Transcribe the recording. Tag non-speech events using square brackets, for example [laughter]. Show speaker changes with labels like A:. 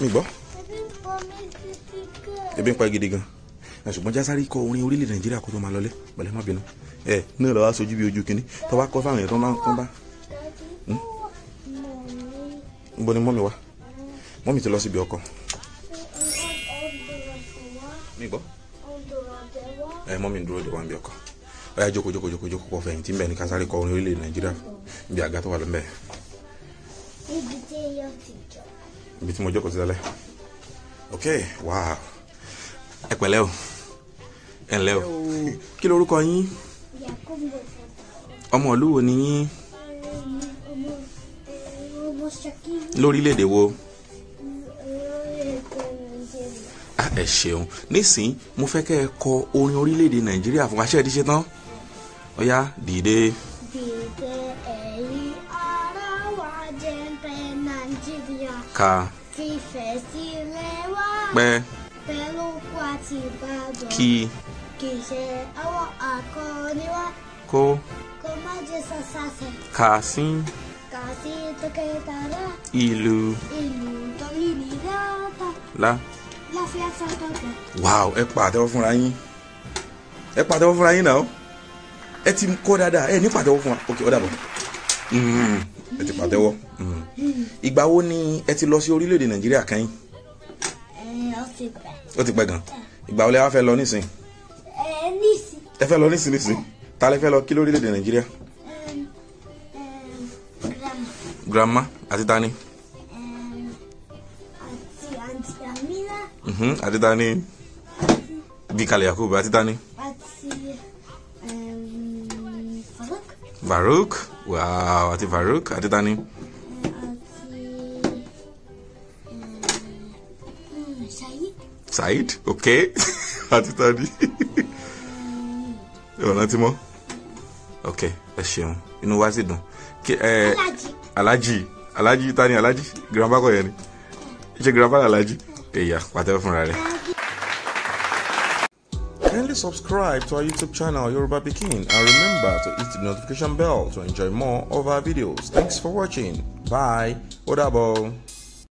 A: mi gbọ́. ebi ń pa gidi gan ṣùgbọ́n jásáré kọ orin orílẹ̀ nàìjíríà kó tó máa lọlé pẹ̀lú má bínú ẹ náà lọ́wọ́ aṣojú bíi ojú kínní tó bá kọ́ fáwọn èèyàn tó bá tó bá. Hmm? níbo ni mọ́mi wá mọ́mi ti lọ síbi ọkọ̀. mi gbọ́ ẹ mọ́mi ń dúró de wá ń bí ọkọ̀ ọ̀yà jókòó jókòó jókòó jókòó kọ́ fẹ̀yìntì ń bẹ̀ ní kásáré kọ orin orílẹ̀ nàìjíríà bí àga tó wà lọ́nbẹ̀. níbi ibi tí mo jókòó sí tẹ́lẹ̀ ok wow ẹ pẹ̀lẹ́ o ẹ ǹlẹ́ o kí lorúkọ yín ọmọ ìlú wo ni yín lórílẹ̀‐èdè wo ah, ẹ ṣeun nísìnyí mo fẹ́ kẹ́ ẹ kọ orin orílẹ̀‐èdè nàìjíríà fún wa ṣe é ti ṣe tán ó dìde. dìde. nàìjíríà. ká. ti fèsì rẹwà. pẹ́. pẹ́ ló kó àti ìbàdàn. kí. kì í ṣe àwọn akọni wa. kó. kó má jẹ sàṣàṣẹ. kà sí. kà sí tọkẹtàrà. ìlú. ìlú torí la. láfíà ẹ pàtẹ́wọ́ fúnra yín ẹ pàtẹ́wọ́ fúnra yín náà ẹ ti kọ́ dáadáa ẹ ní pàtẹ́wọ́ fún wa ok ó dàbọ̀ ẹ ti pàtẹ́wọ́ ìgbà wo ni ẹ ti lọ sí orílẹ̀-èdè nàìjíríà kẹ́yìn. ó ti pẹ́ gan ìgbà wo lẹ wá fẹ́ lọ nísìn. ẹ fẹ́ lọ nísìn nísìn ta lẹ fẹ́ lọ kí lórílẹ̀-èdè nàìjíríà. grandma àti tani. àti àǹtí amina. Mhm, àti tani bíkalẹ̀ yakubu àti tani. àti faruk. faruk wow àti Farouk àti tani. Saheed ok [laughs] àti tani ọ̀nà tí mọ́ ok ẹ ṣeun inú wa sì Alaji. Alaji. Alaji. tani alájì grandpa kọ yẹn ni ṣe grandpa alájì èyà pàtẹ́wọ́ fúnra rẹ̀. Kindly subscribe to our YouTube channel Yoruba and remember to hit the notification bell to enjoy more of our videos. Thanks for watching. Bye. Odabo.